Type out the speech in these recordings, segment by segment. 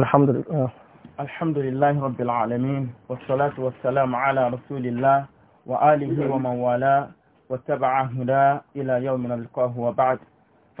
الحمد لله الحمد لله رب العالمين والصلاة والسلام على رسول الله وآله ومن والاه واتبع لا إلى يوم نلقاه وبعد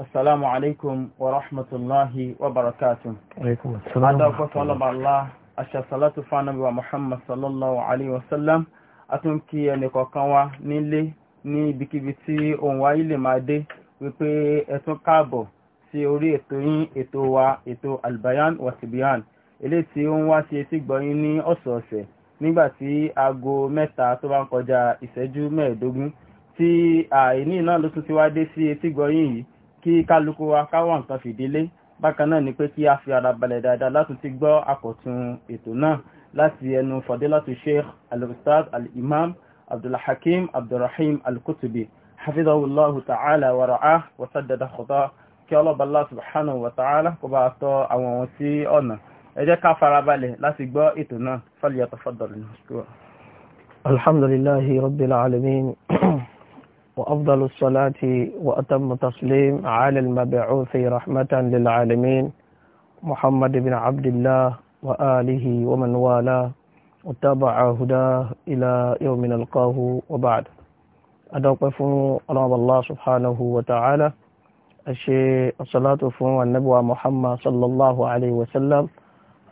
السلام عليكم ورحمة الله وبركاته عليكم السلام ورحمة الله الله أشهد صلاة فانبي ومحمد صلى الله عليه وسلم أتمكي نكوكان ونيلي ní ibikíbi tí ohun wáyé lè máa dé wípé ẹ̀tún sí orí ètò yín ètò wa ètò albayan wasibian eléyìí tí ó ń wá sí etí gbọ́yìn ní ọ̀sọ̀ọ̀sẹ̀ nígbà tí aago mẹ́ta tó bá ń kọjá ìṣẹ́jú mẹ́ẹ̀ẹ́dógún tí àìní náà ló tún ti wá dé sí etí gbọ́yìn yìí kí kálukú wa káwọn nǹkan fìdílé bákan náà ni pé kí a fi ara balẹ̀ dáadáa láti ti gbọ́ àkọ̀tun ètò náà láti ẹnu fadilatu sheikh al-ustaz abdulhakim abdulrahim al hafizahullahu ta'ala wa ra'ah wa saddada khutah kí ọlọ́ba Allah subhanahu wa ta'ala kó bá tọ́ àwọn ohun sí ọ̀nà ẹ jẹ́ ká farabalẹ̀ láti gbọ́ ètò náà falyatafaddal mashkura. alhamdulillahi rabbil alamin wa afdalu salati wa atammu الله ala al-mab'uthi rahmatan lil alamin muhammad ibn abdillah wa alihi wa man wala wa taba'a أشي الصلاة فهو النبوة محمد صلى الله عليه وسلم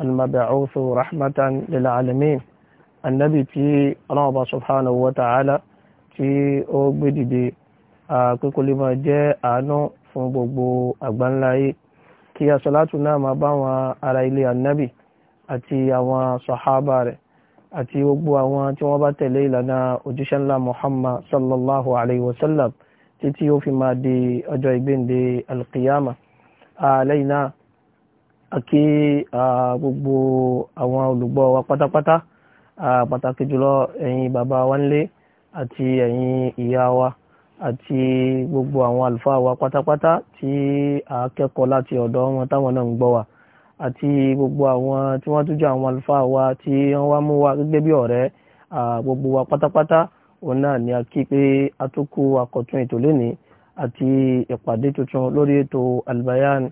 المبعوث رحمة للعالمين النبي تي الله سبحانه وتعالى تي أو بدي kíkó lè máa jẹ́ àánú fún gbogbo àgbáńláyé kí asọ́látù náà máa bá wọn ara ilé annabi àti àwọn sọ̀hábà rẹ̀ àti gbogbo àwọn tí wọ́n bá tẹ̀lé ìlànà òjíṣẹ́ ńlá muhammad sallallahu alayhi wa sallam títí ó fi máa di ọjọ́ ìgbéǹde alkiyama lẹ́yìn náà àkí gbogbo àwọn olùgbọ́ wa pátápátá pàtàkì jùlọ ẹ̀yin bàbá wa nílé àti ẹ̀yin ìyá wa àti gbogbo àwọn àlùfáà wa pátápátá tí a kẹ́kọ̀ọ́ láti ọ̀dọ̀ wọn táwọn náà ń gbọ́ wa àti gbogbo àwọn tí wọ́n tún jẹ́ àwọn àlùfáà wa tí wọ́n wá mú wa gẹ́gẹ́ bí ọ̀rẹ́ gbogbo wa pátápátá òun náà ni a kí pé a tó kú akọ̀tún ètò lónìí àti ìpàdé tuntun lórí ètò albayan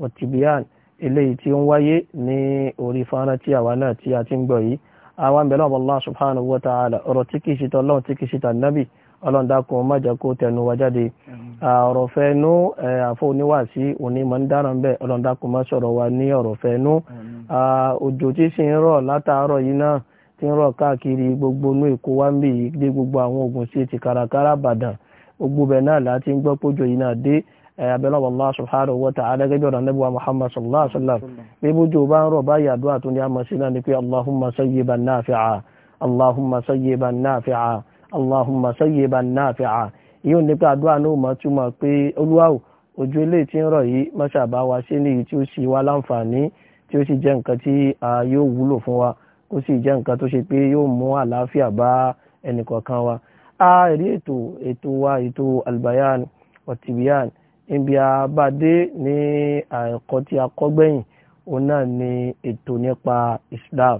watibiyan eléyìí tí ó ń wáyé ní orí fara tí àwa náà tí a ti ń gbọ́ yìí àwọn àmì ọlọ́run allah subhanahu wa ta'ala ọ̀rọ̀ tí kìí ṣetán ọlọ́run tí kìí ṣetán nábì ọlọ́run dákun má jẹ́ kó tẹnu wa jáde ọ̀rọ̀ fẹ́nu àfọ oníwàásí òní máa ń dára bẹ́ẹ̀ ọlọ́run dákun má sọ̀rọ̀ wa ní ọ̀rọ̀ fẹ́nu òjò tí sì ń rọ̀ látàárọ̀ yìí náà tí ń rọ̀ káàkiri gbogbo inú èkó wá ń bì yìí dé gbogbo àwọn Ògùn sí ti kàràkàrà Ìbàdàn gbogbo bẹ̀ náà láti ń gbọ́ pójò yìí náà dé abẹ́lọ́wọ́ Allah subhanahu wa ta'ala gẹ́gẹ́ ọ̀rọ̀ anábíwá Muhammad sallallahu alaihi wa sallam bí bójú bá ń rọ̀ báyìí àdúrà tó ní àmọ́ sí náà ni pé Allahumma sayyiban nafi'a Allahumma sayyiban nafi'a Allahumma sayyiban nafi'a yíò nípa àdúrà náà mọ́ túmọ̀ pé Olúwa ojú eléyìí tí ń rọ̀ yìí mọ́ṣàbá wa ṣe ní èyí tí ó sì wá láǹfààní tí ó sì jẹ́ nǹkan tí yóò wúlò fún wa kó sì jẹ́ nǹkan tó ṣe pé yóò mú àlàáfíà bá ẹnìkọ̀ọ̀kan wa a rí ètò ètò wa ètò albayan ọ̀tìbíyàn níbi àbádé ní ẹ̀kọ́ tí a kọ́ gbẹ̀yìn òun náà ni ètò nípa Islam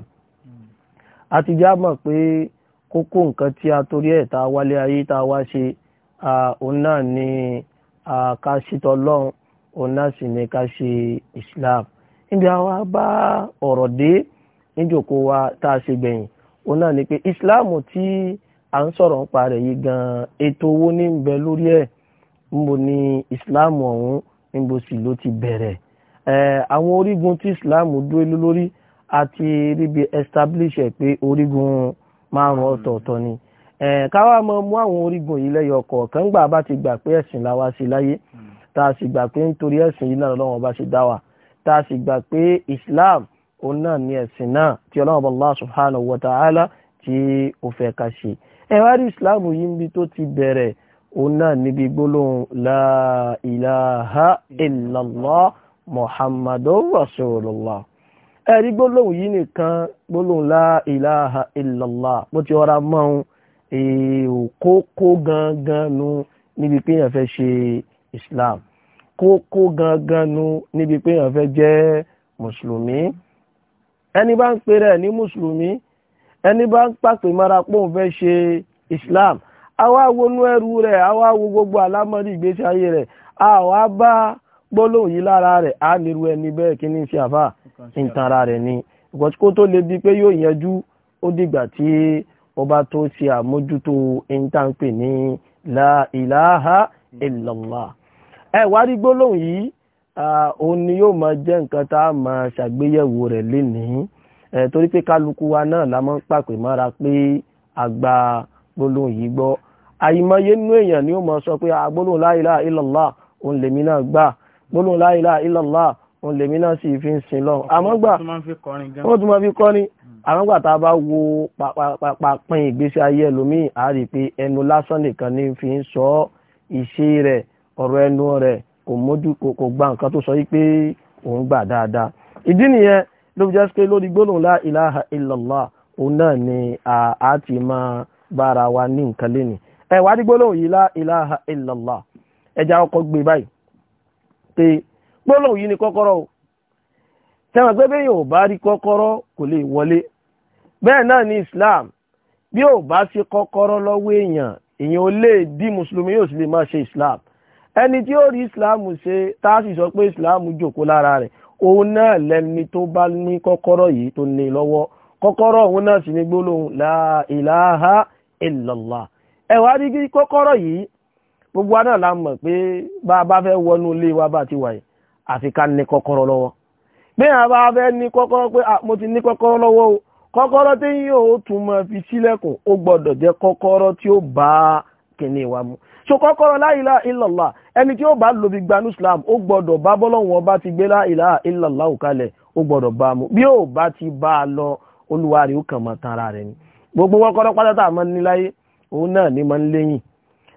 a ti já mọ̀ pé kókó nǹkan tí a torí ẹ̀ tá wálé ayé tá wá ṣe òun náà ni ká ṣètò Ọlọ́run òun náà sì ni ká ṣe Islam níbi àwa bá ọ̀rọ̀ dé níjòkó wa tá a ṣe gbẹ̀yìn òun náà ni pé ìsìláàmù tí à ń sọ̀rọ̀ nípa rẹ̀ yìí gan-an ètò owó ní ń bẹ lórí ẹ̀ níbo ni ìsìláàmù ọ̀hún níbo sì ló ti bẹ̀rẹ̀ àwọn orígun tí ìsìláàmù dúró lórí àti ríbi establish ẹ̀ pé orígun márùn hmm. ọ̀tọ̀ọ̀tọ̀ ni káwá mọ mú àwọn orígun yìí lẹ́yọ kọ̀ọ̀kan gbà bá ti gbà pé ẹ̀sìn la wá sí láyé hmm. tá a sì gbà pé nítorí ẹ̀sìn yìí náà lọ́wọ́ bá ṣe dá wa tá a sì gbà pé Islam òun náà ni ẹ̀sìn náà tí ọlọ́run Allah subhanahu wa ta'ala tí ó fẹ́ ká ṣe ẹ̀wá rí islam yìí níbi tó ti bẹ̀rẹ̀ òun náà níbi gbólóhùn la ilaha illallah muhammadur rasulullah ẹ̀rí gbólóhùn yìí nìkan gbólóhùn la ilaha illallah bó ti ọra mọ́un kókó gangan nu níbi pé èèyàn fẹ́ ṣe islam kókó gangan nu níbi pé èèyàn fẹ́ jẹ́ mùsùlùmí ẹni bá ń pè rẹ̀ ní mùsùlùmí ẹni bá ń pàpè mara pòun fẹ́ ṣe islam àwa wonú ẹrú rẹ̀ àwa wo gbogbo àlámọ́rí ìgbésí ayé rẹ̀ àwa bá gbólóhùn yìí lára rẹ̀ á nírú ẹni bẹ́ẹ̀ kí ní ṣe àfà ìtara rẹ̀ ni ìkọ̀tí kó tó lè di pé yóò yanjú ó dìgbà tí ó bá tó ṣe àmójútó ìntànpè ní la ilaha illallah ẹ wá rí gbólóhùn yìí òun ni yóò máa jẹ́ nǹkan tá a máa ṣàgbéyẹ̀wò rẹ̀ lénìí torí pé kálukú wa náà la máa ń pàpè mọ́ra pé àgbà gbólóhùn yìí gbọ́ àìmọye nú èèyàn ni ó máa sọ pé gbólóhùn la ilaha illallah òun lèmi náà gbà gbólóhùn la ilaha illallah òun lèmi náà sì fi ń sin lọ àmọ́ gbà wọ́n tún máa fi kọrin àwọn gbà tá a bá wo pàpàpàpin ìgbésí ayé ẹlòmíì a rí i pé ẹnu lásán nìkan ní fi ń sọ iṣẹ́ rẹ̀ ọ̀rọ̀ ẹnu rẹ̀ kò mójú kò gba nǹkan tó sọ yí pé òun gbà dáadáa ìdí nìyẹn ló fi jẹ́ pé lórí gbólóhùn la ilaha illallah òun náà ni a ti máa bára wa ní nǹkan lẹ́nu ẹ wá dí gbólóhùn yìí la ilaha illallah ẹja ọkọ̀ gbé báyìí pé gbólóhùn yìí ni kọ́kọ́rọ́ o tẹ́wọ̀n pé bẹ́ẹ̀ yóò bá rí kọ́kọ́rọ́ kò lè wọlé bẹ́ẹ̀ náà ni Islam bí ò bá sí kọ́kọ́rọ́ lọ́wọ́ èèyàn èèyàn ò lè di mùsùlùmí yóò sì lè máa ṣe Islam ẹni tí ó rí islam ṣe tá a sì sọ pé islam jòkó lára rẹ̀ òun náà lẹni tó bá ní kọ́kọ́rọ́ yìí tó ní lọ́wọ́ kọ́kọ́rọ́ òun náà sì ní gbólóhùn la ilaha illallah ẹ wá rí kọ́kọ́rọ́ yìí gbogbo wa náà la mọ̀ pé bá a bá fẹ́ wọnú ilé wa bá ti wà yìí àfi ká ní kọ́kọ́rọ́ lọ́wọ́ bí a bá fẹ́ ní kọ́kọ́rọ́ pé mo ti ní kọ́kọ́rọ́ lọ́wọ́ o kọ́kọ́rọ́ tí yóò tún máa fi sílẹ̀kùn ó gbọ́dọ̀ jẹ́ kọ́kọ́rọ́ tí ó bá kìnìún wa mu so kọ́kọ́rọ́ la ilaha illallah ẹni tí ó bá lo bí gbanú islam ó gbọ́dọ̀ bá bọ́lọ́hun ọba ti gbé la ilaha illallahu kalẹ̀ ó gbọ́dọ̀ bá mu bí ó bá ti bá a lọ olúwa ó kàn máa tan ara rẹ̀ ni gbogbo wọn pátátá máa ń níláyé òun náà ni máa ń léyìn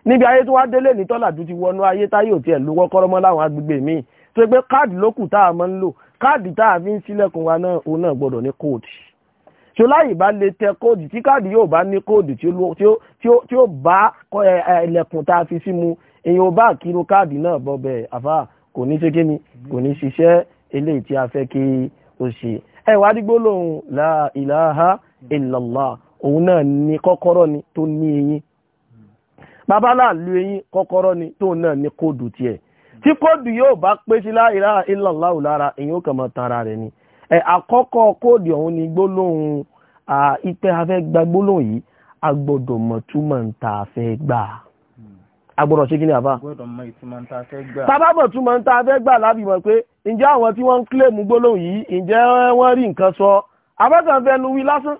níbi ayé tó wá délé ní tọ́làdú ti wọnú ayé táyé ò tiẹ̀ lówó kọ́rọ́ mọ́ láwọn agbègbè míì tó pé káàdì ló kù tá a máa ń lò káàdì tá a fi ń sílẹ̀kùn wa náà òun náà gbọ́dọ̀ ní kóòdì tí bá lè tẹ kóòdì tí káàdì yóò bá ní kóòdì tí ó bá ẹlẹ́kùn tá a fi sí mu èèyàn bá kírú káàdì náà bọ́bẹ̀ àfà kò ní ṣe kíni kò ní ṣiṣẹ́ eléyìí tí a fẹ́ kí ó ṣe ẹ wá dígbó lòun la ilaha illallah òun náà ní kọ́kọ́rọ́ ni tó ní eyín babaláàlú eyín kọ́kọ́rọ́ ni tóun náà ní kóòdù tiẹ̀ tí kóòdù yóò bá pé sí la ilaha illallah lára èèyàn ó kàn mọ́ tara rẹ̀ ni ẹ àkọ́kọ́ kóòdù ọ̀hún ni gbólóhùn ìpẹ́ afẹ́ gba gbólóhùn yìí a gbọ́dọ̀ ń ta afẹ́ gbà agbọ́dọ̀ ṣe kí ni àbá tábàbọ̀ tún máa ń ta fẹ́ gbà lábì mọ̀ pé ǹjẹ́ àwọn tí wọ́n ń kílèmù gbólóhùn yìí ǹjẹ́ wọ́n rí nǹkan sọ abọ́kàn fẹnu wí lásán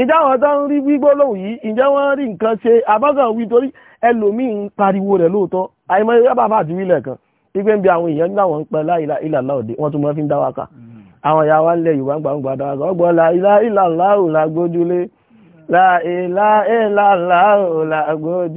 ǹjẹ́ àwọn tó ń rí wí gbólóhùn yìí ǹjẹ́ wọ́n rí nǹkan ṣe abọ́kàn wí torí ẹlòmíì ń pariwo rẹ̀ lóòótọ́ àìmọ́ ẹgbẹ́ bàbá àti wílẹ̀ kan wípé ń bi àwọn èèyàn nígbà wọn ń pẹ́ mm. yorùbá ń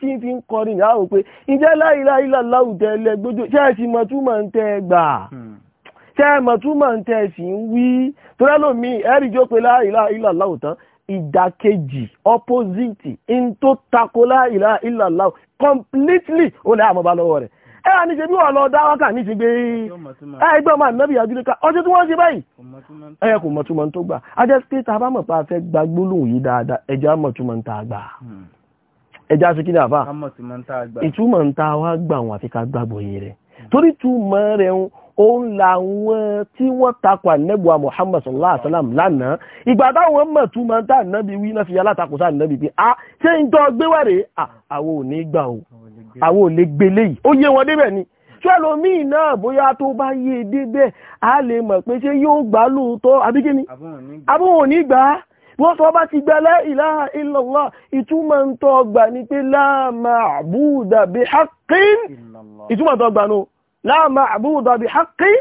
tí fi ń kọrin ní àwọn pé ìjẹ́ láìláìlá láwùjẹ ẹlẹgbójó ṣẹ́ẹ̀sì mọ̀túmọ̀ ń tẹ́ gbà hmm. ṣẹ́ẹ̀mọ̀túmọ̀ ń tẹ́ sì ń wí tọ́lẹ́lòmí ẹ̀rí jó pé láìláìlá láwùtán ìdàkejì opposite in tó tako láìláìlá láwù completely ó lẹ́ àmọ́ bá lọ́wọ́ rẹ̀ ẹ wà ní ṣe bí wọ́n lọ dá wákà ní ti gbé ẹgbẹ́ ọmọ ànábì àdúlé ká ọjọ́ tí wọ́n ṣe báyìí ẹ kò mọ̀túmọ̀ tó gbà á jẹ́ pé tá a bá mọ̀ pé a fẹ́ gbagbólóhùn yìí dáadáa ẹ̀jẹ̀ á mọ̀túmọ̀ tá a gbà. Hmm ẹjá sí kíni àfà ìtumọ̀ ń ta wá gbà wọn àfi ká gbàgbọ́ yìí rẹ̀ torí túmọ̀ rẹ̀ ó ń la wọn tí wọ́n takwa nẹ́gbọ́ Muhammad sallallahu alaihi wasallam lánàá ìgbà táwọn mọ̀ túmọ̀ ń ta nẹ́bi wí náà fi alátakò sáà nẹ́bi pé a ah, ṣé ń tọ́ gbé wà rèé ah, àwọn ò ní gbà o àwọn ò lè gbélé yìí ó yé wọn débẹ̀ ni ṣẹlòmíì náà bóyá tó bá yé débẹ̀ a lè mọ̀ pé ṣé yóò gbà lóòótọ́ àbí kíni àbúrò ní gbà á wọ́n tó bá ti gbẹ́lẹ́ ilaha illallah ìtumọ̀ ń tọ́ ọgbà ní pé la ma'buda bi haqqin ìtumọ̀ tọ́ ọgbà nù la ma'buda bi haqqin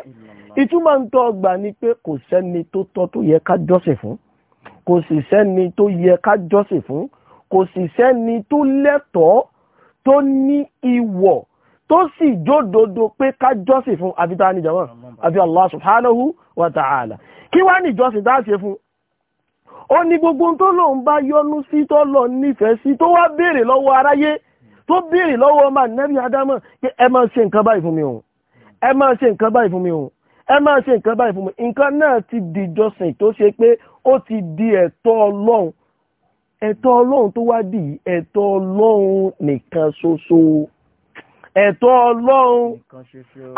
ìtumọ̀ ń tọ́ ọgbà ní pé kò sẹ́ni tó tọ́ tó yẹ ká jọ́sìn fún kò sì sẹ́ni tó yẹ ká jọ́sìn fún kò sì sẹ́ni tó lẹ́tọ̀ọ́ tó ní ìwọ̀ tó sì jódodo pé ká jọ́sìn fún àfi tá Allah subhanahu wa ta'ala kí wá ní ìjọsìn tá fún ó ní gbogbo tó lòun bá yọnu sí tó lọ nífẹ̀ẹ́ sí tó wá béèrè lọ́wọ́ aráyé tó béèrè lọ́wọ́ ọmọ nẹ́bí adámọ̀ pé ẹ máa ṣe nǹkan báyìí fún mi òun ẹ máa ṣe nǹkan báyìí fún mi òun ẹ máa ṣe nǹkan báyìí fún mi nǹkan náà ti dìjọsìn tó ṣe pé ó ti di ẹ̀tọ́ ọlọ́run ẹ̀tọ́ ọlọ́run tó wá dì ẹ̀tọ́ ọlọ́run nìkan ṣoṣo ẹ̀tọ́ ọlọ́run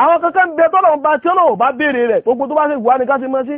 àwọn kankan ń bẹ tọ́lọ́run bá tí ọlọ́run bá béèrè rẹ̀ gbogbo tó bá ṣe ìwà nìkan ṣe mọ́ sí.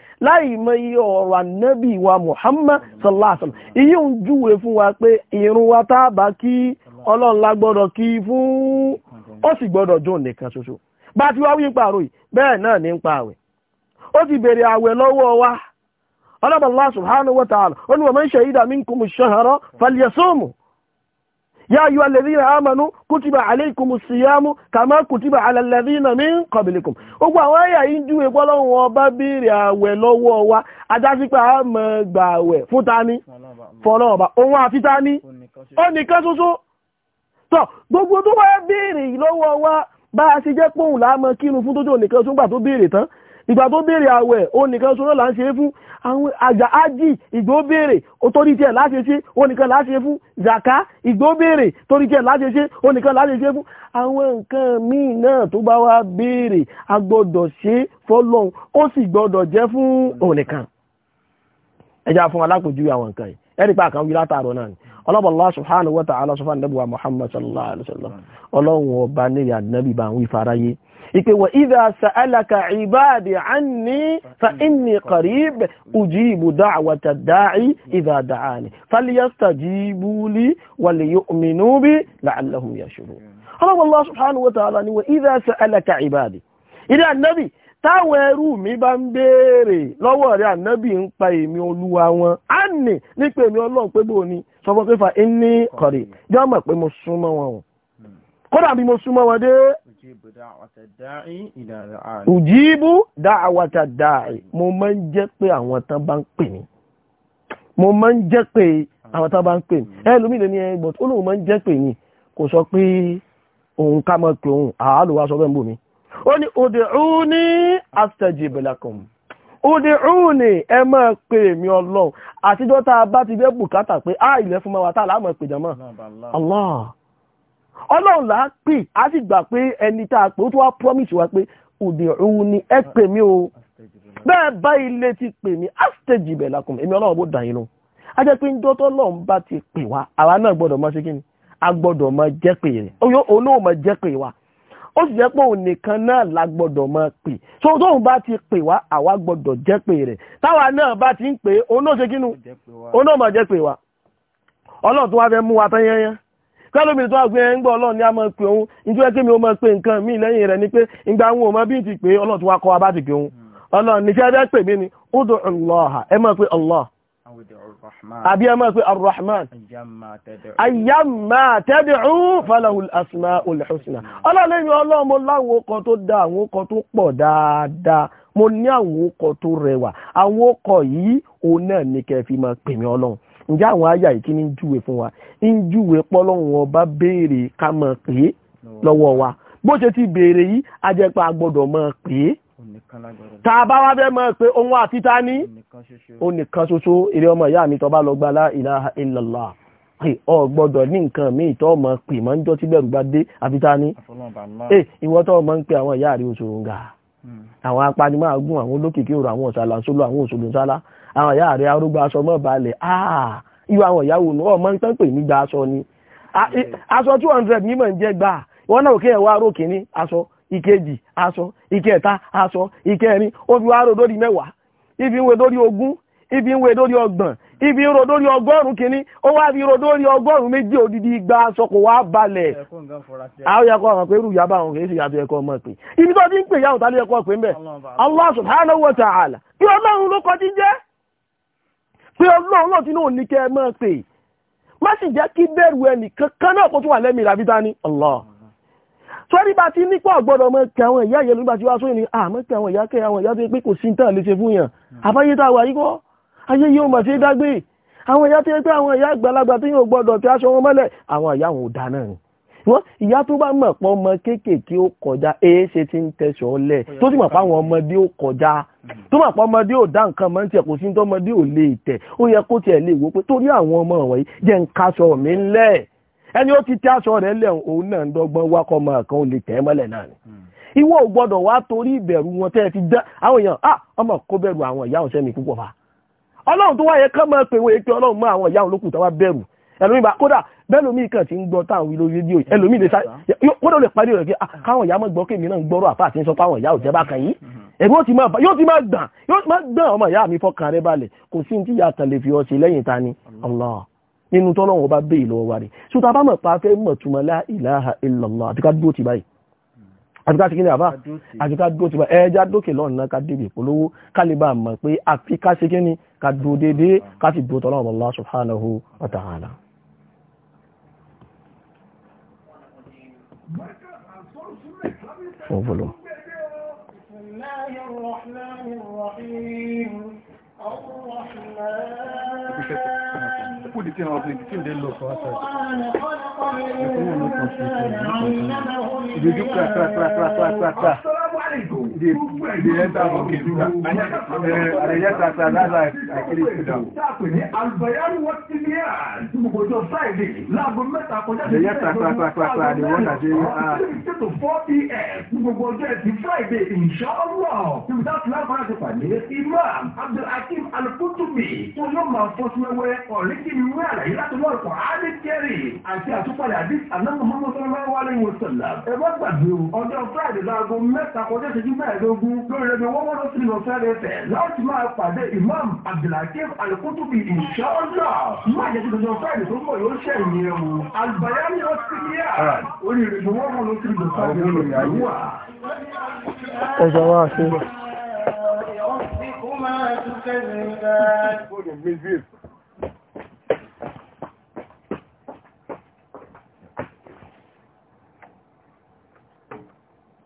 láì mọ iye ọ̀rọ̀ wa Muhammad sallallahu iye ń júwe fún wa pé irun wa tá a bá kí ọlọ́run gbọ́dọ̀ kí fún ó sì gbọ́dọ̀ jó nìkan ṣoṣo bá ti wá wí ń pààrọ̀ yìí bẹ́ẹ̀ náà ní ń pa àwẹ̀ ó ti bèrè àwẹ̀ lọ́wọ́ wa subhanahu wa يا أيها الذين آمنوا كتب عليكم الصيام كما كتب على الذين من قبلكم gbogbo àwọn àyà yìí ń júwe pọ́lọ́wọ́ ọba béèrè àwẹ̀ lọ́wọ́ wa adásípa àmọ́ gbà àwẹ̀ fún tani fọ́lọ́ọ̀bá òun àfi tani ó nìkan ṣoṣo tọ́ gbogbo tó wá béèrè lọ́wọ́ wa bá a ṣe jẹ́ pòun láàmọ́ kírun fún tójó nìkan tó gbà tó béèrè tán ìgbà tó béèrè àwẹ̀ ó nìkan sọ́rọ̀ là ń ṣe fún àwọn àjà ájì ìgbó béèrè ó torí tiẹ̀ láṣe ṣe ó nìkan láṣe fún zaka ìgbó béèrè torí tiẹ̀ láṣe ṣe ó nìkan láṣe ṣe fún àwọn nǹkan míì náà tó bá wá béèrè a gbọ́dọ̀ ṣe fọ́lọ́n ó sì gbọ́dọ̀ jẹ́ fún òun nìkan ẹja fún alákòjú àwọn nǹkan yìí ẹ̀rí pa àkànwí látàrọ náà ni ọlọ́bọ̀ Allah subhanahu wa ta'ala sọfà nàbùwà Muhammad sallallahu alaihi wa sallam ọlọ́run ọba nílẹ̀ àdínábì bá ń wí ìpé wà idha sa'alaka ibadi anni fa inni qarib ujibu da'wata da'i idha da'ani falyastajibu li wa liyu'minu bi la'allahum yashkurun Allah subhanahu wa ta'ala ni wa idha sa'alaka ibadi ila annabi táwọn mi bá ń béèrè lọ́wọ́ rẹ̀ ànábì ń pa èmi olúwa wọn á nì ní pé èmi ọlọ́run pé bò ní sọ pé fa inni qarib jọ́mọ̀ pé mo súnmọ́ wọn kódà bí mo súnmọ́ wọn dé ùjíbù dáàwàtà dáàì mo máa ń jẹ́ pé àwọn tán bá ń pè mí mo máa ń jẹ́ pé àwọn tán bá ń pè mí ẹlòmíì lè ní ẹgbọ̀n tó lóun máa ń jẹ́ pè mí kò sọ pé òun ká mọ́ pé òun àálò wá sọ bẹ́ẹ̀ ń bò mí ó ní ud'uni astajib lakum ud'uni ẹ máa pè mí ọlọ́run àtijọ́ tá a bá ti fẹ́ bùkátà pé á ilẹ̀ fún wa tá a láàmọ̀ pè jàmọ́ Allah ọlọ́run là á pè á sì gbà pé ẹni tá a pè ó tó wá promise wa pé òdì òun ni ẹ pè mí o bẹ́ẹ̀ bá ilé ti pè mí á stage ibẹ̀ lakùn èmi ọlọ́run bó dàn yín lọ a jẹ́ pé ń dọ́tọ́ lọ́run bá ti pè wá àwa náà gbọ́dọ̀ máa ṣe kí ni a gbọ́dọ̀ máa jẹ́ pè rẹ̀ òun náà máa jẹ́ pè wá ó sì jẹ́ pé òun nìkan náà la gbọ́dọ̀ máa pè so tóun bá ti pè wá àwa gbọ́dọ̀ jẹ́ pè rẹ̀ táwa náà bá ti ń pè òun náà ṣe kí ni òun náà máa jẹ́ pè wá ọlọ́run tó wá fẹ́ mú wa tán yányán kálómi tó àgbẹ̀ ń gbọ́ ọlọ́run ní a máa òun nítorí kí mi ó máa pè nǹkan mí lẹ́yìn rẹ̀ ni pé ìgbà àwọn òun bí ti pé ọlọ́run tó wá kọ́ wa bá ti pè òun ọlọ́run níṣẹ́ ẹgbẹ́ pè mí ni ud'u Allah ẹ máa Ar-Rahman falahul ọlọ́run mo láwọn tó da àwọn tó pọ̀ dáadáa mo ní àwọn tó rẹwà àwọn yìí òun náà ní kẹ́ fi máa pè mí ǹjẹ́ àwọn àyà ìkí ní júwe fún wa ń júwe pọ́lọ́hún ọba béèrè ká mọ̀ pé lọ́wọ́ wa bó ṣe ti béèrè yìí a jẹ́ pé a gbọ́dọ̀ mọ̀ pé tá a bá wá fẹ́ mọ̀ pé òun àti ta ní onìkan ṣoṣo eré ọmọ ìyá mi tó bá lọ gba la ilaha illallah ọ gbọ́dọ̀ ní nǹkan míì tó mọ̀ pé mọ̀ ń jọ́ tí bẹ̀rù bá dé àfi ta ní ìwọ tó mọ̀ ń pe àwọn ìyá rí oṣù ń ga àwọn apanimọ̀ àgùn àwọn olókìkí òrò àwọn ọ̀sàlà sólò àwọn òṣòlò sálá àwọn ìyá rẹ̀ arúgbó aṣọ mọ́ balẹ̀ ah irú àwọn ìyàwó ní ọmọ ń tán pè ní gba aṣọ ni ah, aṣọ two hundred mímọ̀ ń jẹ́ gbà wọn náà kéèyàn wá rókè ní aṣọ ìkejì aṣọ ìkẹta aṣọ ìkẹrin ó fi wá rò lórí mẹ́wàá ibi ń wé lórí ibi ń wé lórí ibi ń rò lórí ọgọ́rùn-ún kìíní ó wá fi rò lórí ọgọ́rùn-ún méjì òdìdí igba aṣọ kò wá balẹ̀ ẹ̀kọ́ pé ọlọ́run náà tí náà ní kẹ́ ẹ máa pè má sì jẹ́ kí bẹ̀rù ẹnì kankan náà kó tún wà lẹ́mìí ràbí dání Allah sọ́rí bá ti nípa ọ̀gbọ́dọ̀ mọ́ kí àwọn ìyá ìyẹn lóbá ti wá sóyìn ni àmọ́ ah, kí àwọn ìyá kẹ́ àwọn ìyá tó pé kò sí tán lè ṣe fún yàn hmm. àbáyé tá a wà yíkọ́ ayé yóò mọ̀ sí dágbé àwọn ìyá tó pé àwọn ìyá àgbàlagbà tó yóò gbọ́dọ̀ tí aṣọ wọn mọ́lẹ̀ àwọn ìyá wọn ò dáná ni wọ́n ìyá tó bá mọ̀ pọ̀ ọmọ kéékèèké ó kọjá èé ṣe ti ń tẹ̀sọ̀ ọlẹ̀ tó sì mọ̀ pé àwọn ọmọdé ó kọjá mm. tó mọ̀ pé ọmọdé ò dá nǹkan mọ́ ń tiẹ̀ kò sí tó ọmọdé ò lè tẹ̀ ó yẹ kó tiẹ̀ lè wò pé torí àwọn ọmọ wọ̀nyí jẹ́ ń kaṣọ mi ńlẹ̀ ẹni ó ti tẹ́ aṣọ rẹ̀ lẹ̀ òun náà ń dọ́gbọ́n wákọ̀ ọmọ kan ò lè tẹ̀ mọ́lẹ̀ náà ni mm. ìwọ ò wá torí ìbẹ̀rù wọn tẹ́ ti dá àwọn èèyàn ah ọmọ kó bẹ̀rù àwọn ìyá òṣẹ́ mi púpọ̀ fa ọlọ́run tó wáyé kán máa pè wọ́n ètò ọlọ́run mọ́ àwọn ìyá òun lókùn tó wá bẹ̀rù ẹ̀rù ìgbà kódà bẹ́lòmí kan ti ń gbọ́ táwọn wí lórí rédíò ẹlòmí lè sáré wọ́n lè parí rẹ̀ pé ah, káwọn ìyá mọ́ gbọ́ kémi náà ń gbọ́rọ̀ àfà àti ń sọ páwọn ìyá òjẹ́ bá kan yìí mm-hmm. ẹ̀gbọ́n ó ti máa yóò ti máa gbà yóò ti máa gbà ọmọ ìyá mi fọkàn rẹ balẹ̀ kò sí ní tí ìyá tàn fi ọ ṣe lẹ́yìn ta ni Allah nínú tọ́lọ́wọ́n bá bẹ́ẹ̀ lọ́wọ́ wa rẹ̀ so ta bá mọ̀ pa fẹ́ mọ̀ túmọ̀ la ilaha illallah àti ká dúró ti báyìí mm. àti ká ti Allah subhanahu wa ta'ala. Full volume. Put it in our thing, till they look for us. Did you crack, crack, crack, crack, crack, crack, crack? Àti àtúpalẹ̀ àdí àná Mùhàmmadu Sọ́lá wà lẹ́yìn òṣèlú. Ẹ bá gbàgbé ọjọ́ Friday láago mẹ́ta kọjá kọjá ìṣẹ́jú mẹ́ẹ̀ẹ́dógún lórí rẹ̀ wọ́n wọ́n sí lọ fẹ́rẹ̀ fẹ́ láti máa pàdé Imam Abdulhakeem Al-Kutubi inshallah jẹ́ tuntun fẹ́rẹ̀ tó mọ̀ yóò ṣẹ̀ ní ẹ̀wò Al-Bayani wọ́n sí ní àrà orí rẹ̀ wọ́n wọ́n sí lọ fẹ́rẹ̀ wà. ọjọ́ wa ṣe.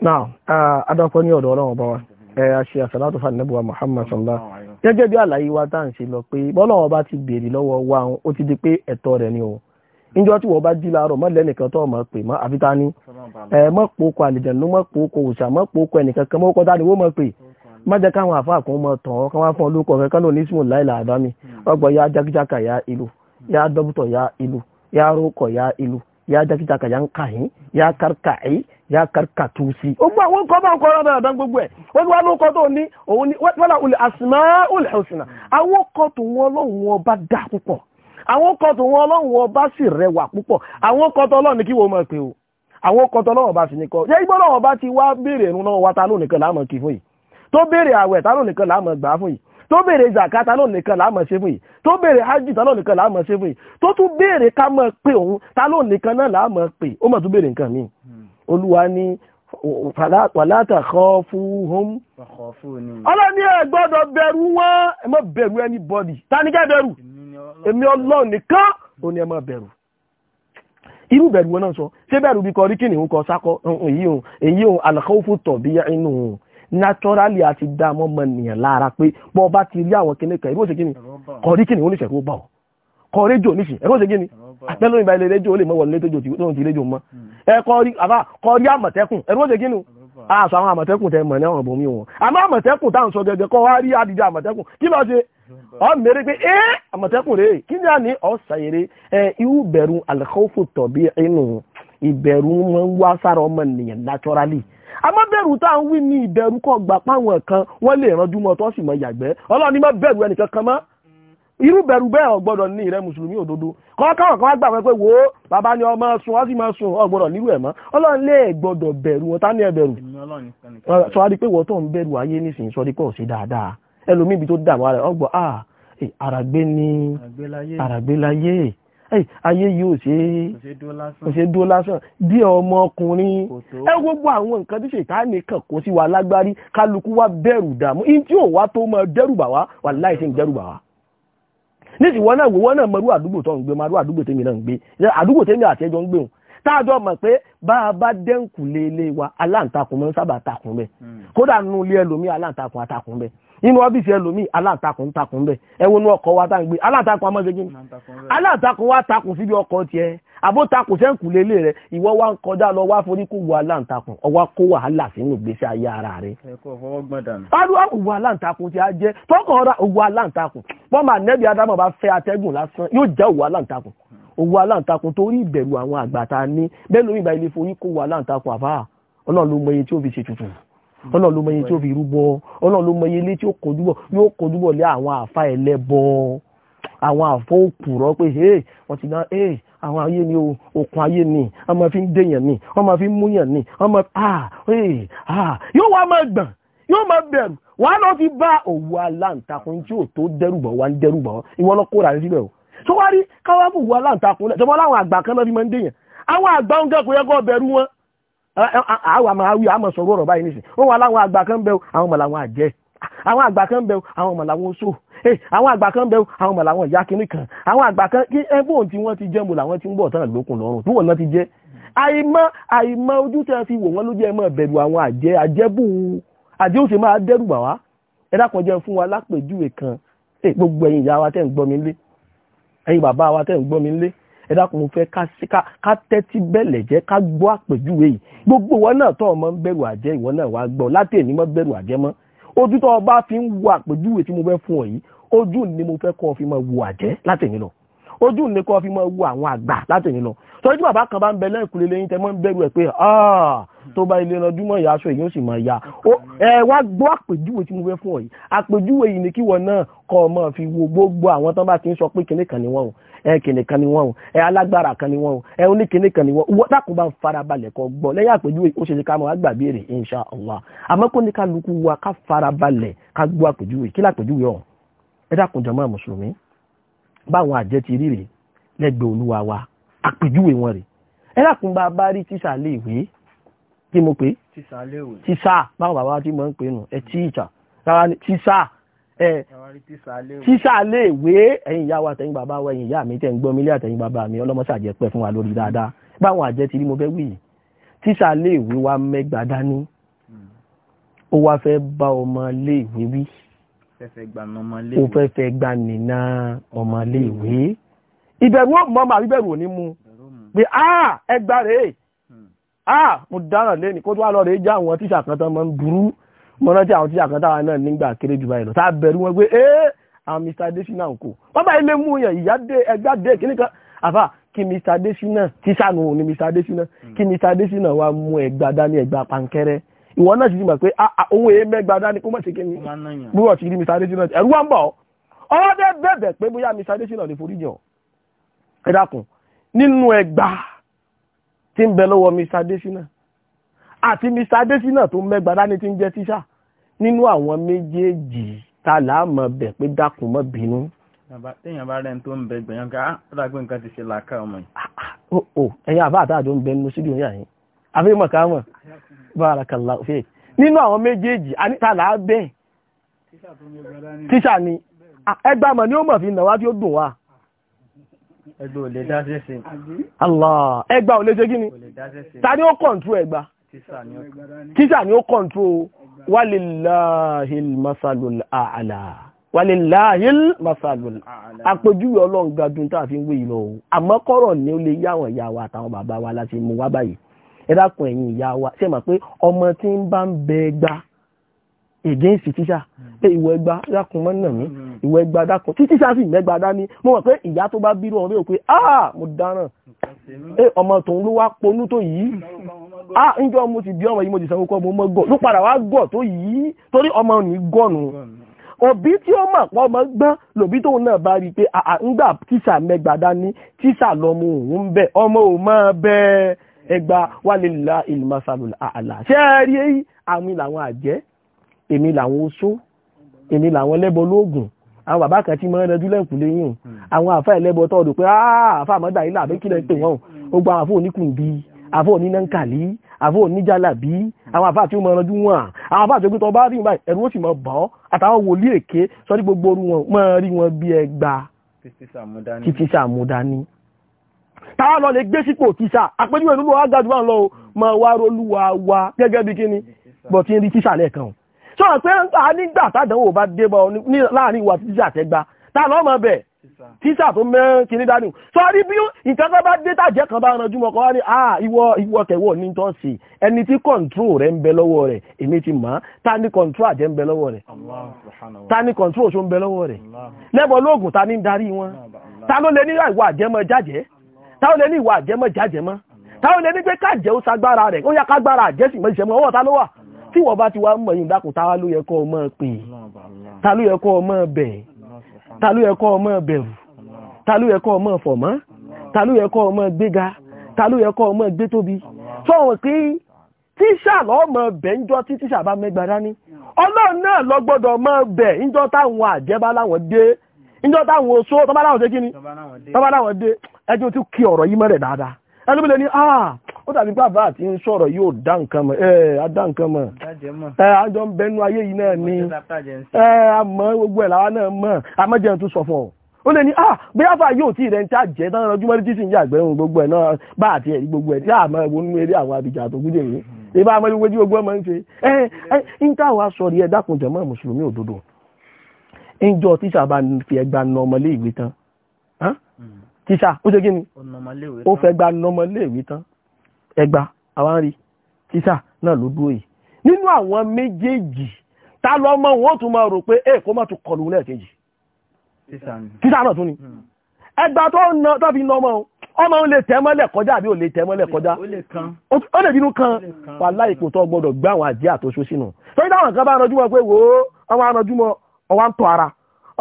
náà uh, adákọ́ ní ọ̀dọ̀ ọlọ́run bá wa ẹ a ṣe àsàlátù fún ànábì wa Muhammad sallallahu gẹ́gẹ́ bí àlàyé wa tá à ṣe lọ pé bọ́lọ́run bá ti béèrè lọ́wọ́ wa ó ti di pé ẹ̀tọ́ rẹ̀ ni o níjọ́ tí wọ́n bá jí láàárọ̀ mọ́ lẹ́nìkan tó ọmọ pè mọ́ àbí tání ẹ mọ́ pòókò àlìjẹ̀nu mọ́ pòókò mọ́ pòókò ẹnìkan kan mọ́ wọ́n mọ́ má jẹ́ káwọn àfa àkún mọ́ tàn ọ́ fún láìla ọgbọ̀n ya jákèjáka ya ìlú ya dọ́bùtọ̀ ya ya ya ìlú ya ya ń kàyín ya karka tusi ó gbọ́ àwọn kọ́ bá ń kọ́ rọ́bẹ̀ ọ̀dán gbogbo ẹ̀ ó gbọ́ àwọn kọ́ tó ní òun ní wọ́lá olè asmaul husna àwọn kọ́ tó wọn lọ́hùn ọba dá púpọ̀ àwọn to tó wọn lọ́hùn ọba sì rẹwà púpọ̀ àwọn kọ́ tó lọ́hùn ní kí wọ́n máa pè o àwọn kọ́ tó lọ́hùn ọba sì ní kọ́ ṣé igbó lọ́hùn ọba ti wá béèrè ìrun náà wá ta ló nìkan láàmọ̀ kí fún yìí tó béèrè àwẹ̀ ta ló nìkan láàmọ̀ gbà fún yìí tó béèrè zakata ló nìkan láàmọ̀ ṣe fún yìí tó béèrè hajj ta ló nìkan láàmọ̀ ṣe fún yìí tó tún béèrè ká mọ̀ pé òun ta ló nìkan náà láàmọ̀ pé ó mọ̀ tún béèrè nǹkan míì olúwa ní wàlátà kọ́ fún hom. ọlọ́ni ẹ gbọ́dọ̀ bẹ̀rù wọn ẹ má bẹ̀rù anybody ta ni kẹ́ bẹ̀rù èmi ọlọ́run nìkan ò ní ẹ má bẹ̀rù. irú bẹ̀rù wọn náà sọ ṣé bẹ̀rù bí kọ rí kí nìhun kọ sákọ èyí ò èyí ò àlàkọ́fù tọ̀ bí inú ò naturally a ti dá ọmọ nìyẹn lára pé bọ́ ọba ti rí àwọn kìnìkan irú òṣèkìnì kọ rí kí nìhun ní ìṣẹ̀kú bá ọ ẹ̀kọ́ rédíò níṣì ẹ̀kọ́ ṣe gíní àtẹ́lómi bá ilé rédíò ó lè mọ́ wọlé tó jò tí ó ti rédíò mọ́ ẹ̀kọ́ rí àbá kọ́ rí àmọ̀tẹ́kùn ẹ̀kọ́ ṣe gíní àṣà àwọn àmọ̀tẹ́kùn tẹ mọ̀ ní àwọn ọ̀bọ̀n mi wọn àmọ́ àmọ̀tẹ́kùn táwọn sọ gẹ́gẹ́ kọ́ wá rí adìjẹ àmọ̀tẹ́kùn kí lọ ṣe ọ mèrè pé ẹ àmọ̀tẹ́kùn rèé kí ni a ní ọ ṣàyèrè ẹ irú bẹ̀rù al-khawfu tabi'inu ìbẹ̀rù máa ń wá sára ọmọ ènìyàn naturally àmọ́ bẹ̀rù tá à ń wí ní ìbẹ̀rù kọ̀ gbà páwọn kan wọ́n lè ranjú mọ́ tó sì mọ ìyàgbẹ́ ọlọ́run má bẹ̀rù ẹnìkan kan mọ́ iru bẹ̀rù bẹ́ẹ̀ ọ̀gbọ́dọ̀ ní ìrẹ́ mùsùlùmí òdodo kọ́kọ́ kan gbà pé wo bàbá ni ọmọ sun ọ́ si máa sun ọ̀gbọ́dọ̀ nílùú ẹ̀mọ́ ọlọ́run lè gbọ́dọ̀ bẹ̀rù wọn tá ní pé ń bẹ̀rù ayé nísìnyí dáadáa tó rẹ̀ ah, eh, ni eh, ayé yìí ò ṣe é lásán bí ọmọ ọkùnrin ẹ gbogbo àwọn nǹkan tí ṣètáàní kan kó sí wa lágbárí kálukú wa bẹ̀rù nísì wọn náà wọn náà mọ̀rú àdúgbò tó ń gbé na àdúgbò tèmi náà ń gbé àdúgbò tèmi àti ẹjọ́ ń gbé wọn táàjọ mọ̀ a bá wa aláǹtakùn mọ́ sábà takùn bẹ́ẹ̀ hmm. kódà nínú ilé ẹlòmíì aláǹtakùn atakùn bẹ́ẹ̀ inú ọ́fíìsì ẹlòmíì aláǹtakùn takùn bẹ́ẹ̀ ẹ inú ọkọ̀ wa tá ń gbé aláǹtakùn amọ́sẹ́gí àbótakò sẹ́ǹkù lélẹ̀ rẹ̀ ìwọ wá ń kọjá lọ wá forí kó wà láǹtakùn ọwá kó wàhálà sínú ìgbésí ayé ara rẹ̀. ọdún òwò aláǹtakùn ti á jẹ́ tọkàn ọ̀rá òwò aláǹtakùn bọ́mà nẹ́bí adámọ̀ bá fẹ́ atẹ́gùn lásán yóò jẹ́ òwò aláǹtakùn òwò aláǹtakùn torí ìbẹ̀rù àwọn àgbàta ní bẹ́ẹ̀ lórí ìgbà ilé forí kó wà láǹtakùn àbá ọlọ́run ló mọ tí ó fi rúbọ ọlọ́run ló mọ ilé tí ó kojúbọ̀ yóò kojúbọ̀ lé àwọn àfa ẹlẹ́bọ àwọn àfọ òkùrọ̀ pé wọ́n ti ná àwọn ayé ni okùn ayé ni wọ́n máa fi ń dèyàn ni wọ́n máa fi ń múyàn ni wọ́n máa ah ee ah yóò wá máa gbọ̀n yóò máa bẹ̀rù wà á lọ fi bá òwú aláǹtakùn tí ò tó dẹ́rùbọ̀ wá ń dẹ́rùbọ̀ ìwọ kóra rẹ síbẹ̀ o tó wá rí káwá fún òwú aláǹtakùn lẹ̀ tọ́mọ́ láwọn àgbà kan náà fi máa ń dèyàn àwọn àgbà ń kẹ́kọ̀ọ́ yẹ kó bẹ̀rù wọn àwọn àmọ̀ àwí àmọ̀ sọ̀rọ̀ ọ̀rọ̀ báyìí nísìn wọ́n wà láwọn àgbà kan bẹ́ẹ̀ àwọn mọ̀ làwọn àjẹ́ àwọn àgbà kan bẹ àwọn ọmọ làwọn oṣù eh, àwọn àgbà kan bẹ àwọn ọmọ làwọn ìyá kìnnì kan àwọn àgbà kan kí ẹgbọ́n tí wọ́n ti jẹ́ mo làwọn ti ń bọ̀ tán lókun lọ́rùn tí wọ́n náà ti jẹ́ àìmọ̀ àìmọ̀ ojú tẹ́ fi wò wọ́n ló jẹ́ mọ́ bẹ̀rù àwọn àjẹ́ àjẹ́bù àjẹ́ ó sì máa dẹ́rù bà wá ẹ dákun jẹ́ fún wa lápèjúwe kan eh, gbogbo ẹ̀yin ìyá wa tẹ́ ń gbọ́ mi lé ẹ̀yin bàbá wa tẹ́ ń gbọ́ mi lé ẹ dákun mo fẹ́ ká tẹ́tí bẹ̀lẹ̀ jẹ́ ká gbọ́ àpèjúwe yìí gbogbo wọn náà tọ́ ọmọ ń bẹ̀rù àjẹ́ ìwọ náà wá gbọ́ látẹ̀ ní mọ́ bẹ̀rù àjẹ́ mọ́ ojú tó bá fi ń wo àpèjúwe tí mo fẹ́ fún ọ yìí ojú ni mo fẹ́ kọ́ fi máa wo àjẹ́ látẹ̀yìn lọ ojú ni kọ́ fi máa wo àwọn àgbà látẹ̀yìn lọ sọjú bàbá kan bá ń bẹ lẹ́ẹ̀kúlé lẹ́yìn tẹ́ mọ́ ń bẹ̀rù ẹ̀ pé ah, tó bá ilé lọ́dúnmọ̀ ìyá aṣọ èyí ó sì máa ya ẹ wá gbọ́ àpèjúwe tí mo fẹ́ fún ọ yìí àpèjúwe yìí ni kíwọ náà kọ́ ọ máa fi wo gbogbo àwọn tán bá ti ń sọ pé kinní kan ni wọ́n o ẹ kìnì kan ni wọ́n o ẹ alágbára kan ni wọ́n o ẹ oníkìnì kan ni wọ́n o dákun bá ń farabalẹ̀ kọ́ gbọ́ lẹ́yìn àpèjúwe ó ṣe ní ká mọ̀ á gbàgbére insha allah àmọ́ kó ní kálukú wa ká farabalẹ̀ ká gbọ́ àpèjúwe kí lápèjúwe ọ̀ ẹ dákun jọmọ́ mùsùlùmí báwọn àjẹ́ ti rí rè lẹ́gbẹ̀ẹ́ olúwa wa àpèjúwe wọn rè ẹ dákun bá bá rí tíṣà lé ìwé kí mo pé tíṣà báwọn bàbá wa ti mọ̀ ń pè nù ẹ tíṣà tíṣà lè wé ẹ̀yin ìyá wa tẹ̀yin bàbá wa ẹ̀yin ìyá mi tẹ̀ ń gbọ́ mi lé àtẹ̀yin bàbá mi ọlọ́mọṣàjẹ́ pẹ́ fún wa lórí dáadáa báwọn àjẹ́ ti rí mo fẹ́ wí yìí tíṣà lè wé wa mẹ́gbà dání ó wá fẹ́ bá ọmọ lè wé wí ó fẹ́ fẹ́ gbà nínà ọmọ lè wé ìbẹ̀rù ọmọ màrí bẹ̀rù ò mu pé ẹgbà rèé hmm. mo dáràn lé ní kó tó wá lọ rèé já àwọn tíṣà kan tán máa ń burú mo rántí àwọn tíṣà kan táwa náà nígbà kéré jù báyìí lọ tá a bẹ̀rù wọn pé ee àwọn Mr Adesina ń kó bàbá ilé mú yàn ìyá dé ẹgbẹ́ dé kíní kan àfà kí Mr Adesina tíṣà nù ní Mr Adesina hmm. kí Mr Adesina wa mú ẹgbà dání ẹgbà pankẹrẹ ìwọ náà sì ti mọ̀ pé ohun èyí mẹ́gbà dání kó mọ̀ sí kíni búrọ̀ ti rí Mr Adesina ẹ̀rú wa ń bọ̀ ọwọ́ bẹ́ẹ̀ bẹ̀bẹ̀ pé bóyá Mr Adesina lè forí jàn ẹ nínú ẹgbà tí ń bẹ lọ́wọ́ Mr Adesina àti Mr. Adesina tó mẹ́gbàá dání tí ń jẹ́ tíṣà nínú àwọn méjèèjì ta là mọ̀ bẹ̀ pé dákun mọ́ bínú. téèyàn bá rẹ́ni tó ń bẹ gbẹ̀yàn ká rágbé nǹkan ti ṣe làákà ọmọ yìí. Ah, ah, o oh, oh, ẹ̀yin àbá àtàjọ ń bẹ nínú sídìí òyà yín àfihàn ká mọ̀ barakallahu fi nínú àwọn méjèèjì ta là bẹ̀ tíṣà ni ẹgbàá mọ̀ ni ó mọ̀ fi nà wá tí ó dùn wá. ẹgbàá ò lè dá sẹ́sìn. Allah ẹgbàá ò lè ṣe kí ni Tani ni ó kọ̀ǹtú ẹgbàá tíṣà ni ó kọ̀ntró walillahil masalul a'la walillahil masalul a'la àpèjúwe ọlọ́run gbádùn tá a ń wé ìlọ o àmọ́ kọ́rọ̀ ni ó lè yáwọn ìyá wa àtàwọn bàbá wa láti mú wá báyìí ẹ dákun ìyá wa ṣé mà pé ọmọ tí ń bá ń bẹ gbá against tíṣà hmm. pé ìwọ ẹgbà dákun mọ́ nà mí hmm. ìwọ ẹgbà dákun tí tíṣà sì mẹ́gbà dání mo mọ̀ pé ìyá tó bá bírò ọ̀rẹ́ òpé ah mo dáràn ẹ ọmọ tòun ló wá ponú tó yìí ah níjọ́ mo ti bí ọmọ yìí mo ti sanwó kọ́ mo mọ́ gọ̀ ló padà wá gọ̀ tó yìí torí ọmọ ní gọ̀nù òbí tí ó mọ̀ pọ̀ mọ́ gbọ́n lòbí tóun náà bá rí i pé àǹgbà ah, ah, tíṣà mẹ́gbà dání tíṣà lọmọ òun bẹ ọmọ òun máa bẹ́ẹ̀ ẹgbà wálé ìlà ìlú masalù àlà ṣẹ́ẹ́rí àwọn ìlànà àjẹ́ èmi làwọn oṣó èmi làwọn ẹlẹ́bọ lóògùn àwọn bàbá kan tí mọ́ ẹrẹ́jú lẹ́kùn léyìn àwọn àfá ẹlẹ́bọ tọ́ọ̀dù pé àfá àmọ́dà ilẹ̀ àbẹ́kílẹ̀ pè wọ́n ó gba àfó oníkùnbí àfó onínàǹkàlí àfó oníjàlábí àwọn àfá àti ọmọ ẹrẹ́jú wọn àwọn àfá àti ọgbẹ́tọ̀ bá rí ìgbà ẹ̀rú ó sì mọ̀ bọ́ àtàwọn wòlíì èké sọ́dí gbogbo orú wọn mọ́ rí wọn bí ẹgbà títí àmúdání táwọn lọ lè gbé sípò tíṣà àpéjúwe nínú àgàdùn lọ mọ wá rolúwa wa gẹ́gẹ́ bí kíni bọ̀ tí ń rí tíṣà lẹ́ẹ̀kan sọ pé a nígbà tádánwò bá dé bọ láàrin ìwà tíṣà tẹgbà tá lọ́ mọ bẹ̀ tíṣà tó mẹ́ kiri dánù sọrí bí nǹkan tó bá dé tàjẹ́ kan bá ranjú mọ́ kọ́ wá ní à ah, ìwọ ìwọ tẹ̀wọ̀ ní tó sì ẹni tí kọ̀ǹtró rẹ̀ ń bẹ lọ́wọ́ rẹ̀ èmi ti mọ̀ ta ni kọ̀ǹtró àjẹ́ ń bẹ lọ́wọ́ rẹ̀ ta ni kọ̀ǹtró ṣó ń bẹ lọ́wọ́ rẹ̀ lẹ́bọ̀ lóògùn ta ni ń darí wọn ta ló lè ní ìwà àjẹmọ́ jàjẹ́ ta ló lè ní ìwà àjẹmọ́ jàjẹ́ mọ́ ta ló lè ní pé kájẹ́ ó sagbára rẹ̀ ó yá kágbára àjẹ́sì mọ́ ìṣẹ́mọ́ ọwọ́ ta ló wà tí wọ́n bá ti wá mọ̀ yìí dákùn táwa ló yẹ kọ́ ọmọ pè ta ló yẹ kọ́ ọmọ bẹ̀ ta ló yẹ kọ́ ọmọ bẹ̀rù ta ló yẹ kọ́ ọmọ fọ̀mọ́ ta ló yẹ kọ́ ọmọ gbéga ta ló yẹ kọ́ ọmọ gbé tóbi sọ̀rọ̀ pé tíṣà lọ́mọ bẹ̀ ń jọ tí tíṣà bá mẹ́gbà dání ọlọ́run náà lọ gbọ́dọ̀ mọ́ bẹ̀ ń jọ táwọn àjẹbá láwọn dé ń jọ táwọn oṣó tọ́bá láwọn dé kí ni tọ́bá láwọn dé ẹjọ́ tí kí ọ̀rọ̀ yìí mọ́rẹ̀ dáadáa ẹnu bí lè ní ah ó dàbí bàbá àti ń sọ̀rọ̀ yóò dá nǹkan mọ̀ ẹ̀ adá nǹkan mọ̀ ẹ̀ àjọ ayé yìí náà ni ẹ àmọ́ gbogbo ẹ̀ làwa náà mọ̀ àmọ́jẹun tó sọ fún ọ ó lè ní ah bí afa yóò tí rẹ̀ ń tá jẹ́ tán rọjúmọ́ títí ń yàgbẹ́ gbogbo ẹ̀ gbogbo ẹ̀ tí nínú àwọn àbíjà tó ìbá gbogbo ọmọ ń ṣe ẹ ẹ ń sọ rí ẹ dákun mùsùlùmí òdodo tíṣà bá fi ẹgbà ẹgbà àwọn rí tíṣà náà ló dúró yìí nínú àwọn méjèèjì tá lọ mọ wọn ó tún máa rò pé èèkó má tún kọlù lẹ́ẹ̀kejì tíṣà náà tún ni hmm. ẹgbà tó na tó fi na ọmọ ọmọ òun lè tẹ́ mọ́lẹ̀ kọjá àbí ò lè tẹ́ mọ́lẹ̀ kọjá ó lè bínú kan wà láìpò tó gbọdọ̀ gbé àwọn àjẹ́ àtọ́só sínú torí táwọn kan bá rọjú pé wò ọmọ arọjú ọwá ń tọ́ ara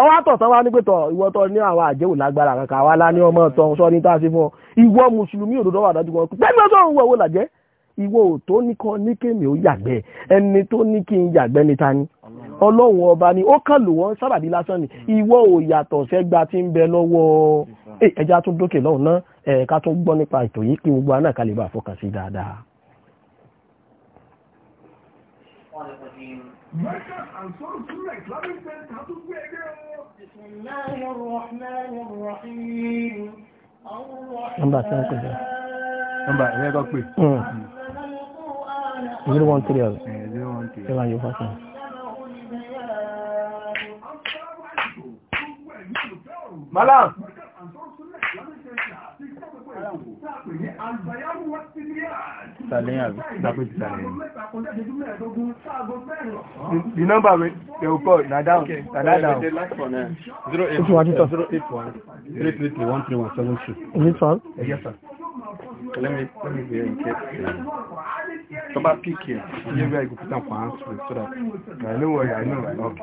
ọwọ́ àtọ̀tọ̀ wá ní pẹ̀tọ̀ ìwọ tó ní àwọn àjẹ́wò lágbára kankan wá lá ní ọmọ ọ̀tọ̀ sọ ní tàṣí fún ọ ìwọ mùsùlùmí òdodo wà dájú wọn pẹ̀lú ọjọ́ òun wọ̀ wò làjẹ́ ìwọ ò tó ní kan ní kémi ó yàgbẹ́ ẹni tó ní kí n yàgbẹ́ níta ni ọlọ́run ọba ni ó kàn lò wọ́n sábàbí lásán ni ìwọ ò yàtọ̀ sẹ́gba tí ń bẹ lọ́wọ́ ẹja tó dókè lọ́hùn náà الرحمن الرحيم الرحمن nọ́mbà ẹ kọ pé. Hmm. zero one three ọ̀rẹ́. Eh, zero one three. seven yóò fọ́sùn. malam. malam. The number wey they will call na down. Na that down. Zero eight one zero eight one three three three one three one seven two. Is it all? Yes sir. Let me let me be in case. Tọ́ba pk yẹ́ bí i kò put am for hand so that I know where I know. Okay.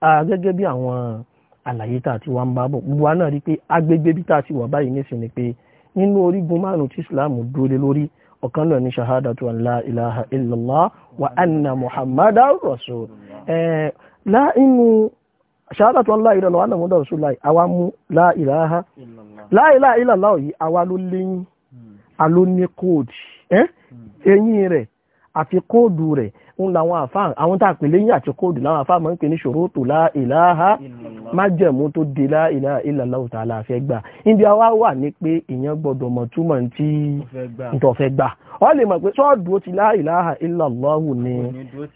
gẹ́gẹ́ bí àwọn àlàyé tá a ti wá ń bá bọ̀ gbogbo wa náà rí pé agbègbè bí tá a ti wà báyìí nísìnyí pé nínú orígun márùn tí islam dúró lé lórí ọ̀kan náà ní la ilaha illallah wa anna muhammadan rasul láìnú ṣahadatu an la ilaha wa anna muhammadan rasul la ilaha la ilaha illallah àti kóòdù rẹ̀ ń làwọn àfáà àwọn tá a pè léyìn àti kóòdù láwọn àfáà máa ń pè ní ṣòrótò la ilaha májẹ̀mú tó di la ilaha illallahu ta'ala gbà ibi àwa wà ní pé ìyẹn mọ̀ túmọ̀ gbà ọ lè mọ̀ pé sọ́ọ̀dù ti la ilaha illallahu ni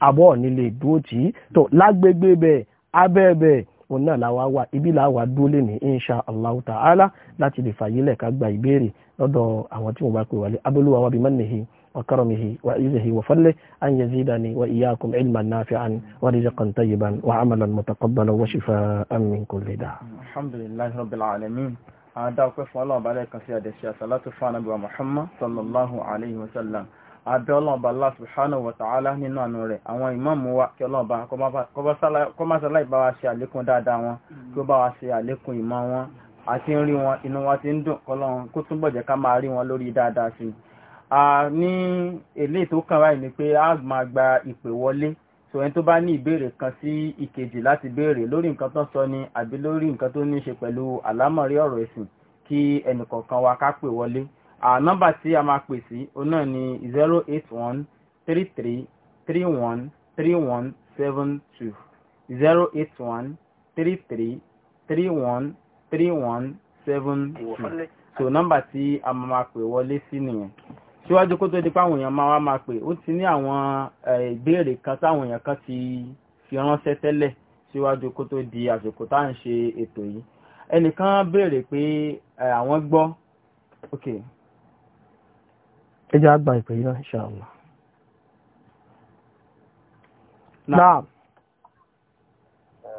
àbọ̀ nílé dúró tì í tó lágbègbè bẹ́ẹ̀ abẹ́ bẹ́ẹ̀ òun náà làwa wà ibi làwa dúró lè ní insha ta'ala láti lè fàyílẹ̀ ká gba ìbéèrè lọ́dọ̀ àwọn tí bá pè wálé وكرمه وعزه وفله أن يزيدني وإياكم علما نافعا ورزقا طيبا وعملا متقبلا وشفاء من كل داء الحمد لله رب العالمين أدعوك الله بارك في هذا الشيء صلاة فانا محمد صلى الله عليه وسلم abẹ́ ọlọ́ọ̀bá Allah subhanahu wa ta'ala nínú àánú rẹ̀ àwọn ìmáàmù wa kí ọlọ́ọ̀bá kọmásálàì bá wa ṣe àlékún dáadáa wọn kí ó bá ṣe àlékún ìmọ̀ wọn àti ń rí wọn inú wa ti ń dùn kọlọ́run kó túnbọ̀ jẹ́ ká máa rí wọn lórí dáadáa sí i ní èlé tó kàn wáyé ni pé a máa gba ìpè wọlé so ẹni tó bá ní ìbéèrè kan sí ìkejì láti béèrè lórí nǹkan tó sọ ni àbí lórí nǹkan tó ní ṣe pẹ̀lú àlámọ̀rí ọ̀rọ̀ ẹ̀sìn kí ẹnìkọ̀ọ̀kan wa ká pè wọlé nọ́mbà tí a máa pè sí òun náà ni zero eight one three three three one three one seven two zero eight one three three three one three one seven two so nọ́mbà tí a máa pè wọlé sí nìyẹn síwájú kó tó di páwọn èèyàn máa wá máa pè ó ti ní àwọn ìbéèrè kan táwọn èèyàn kan ti fi ránṣẹ́ tẹ́lẹ̀ síwájú kó tó di àsìkò tá à ń ṣe ètò yìí ẹnìkan béèrè pé àwọn gbọ́ ok. ẹ jẹ́ àgbà ìpè yìí náà ṣàlùwà. náà. ẹ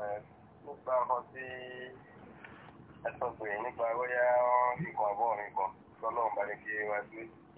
sọ pé nípa bóyá nǹkan àbọ̀ mi kan tọ́lọ́run kí wá sí.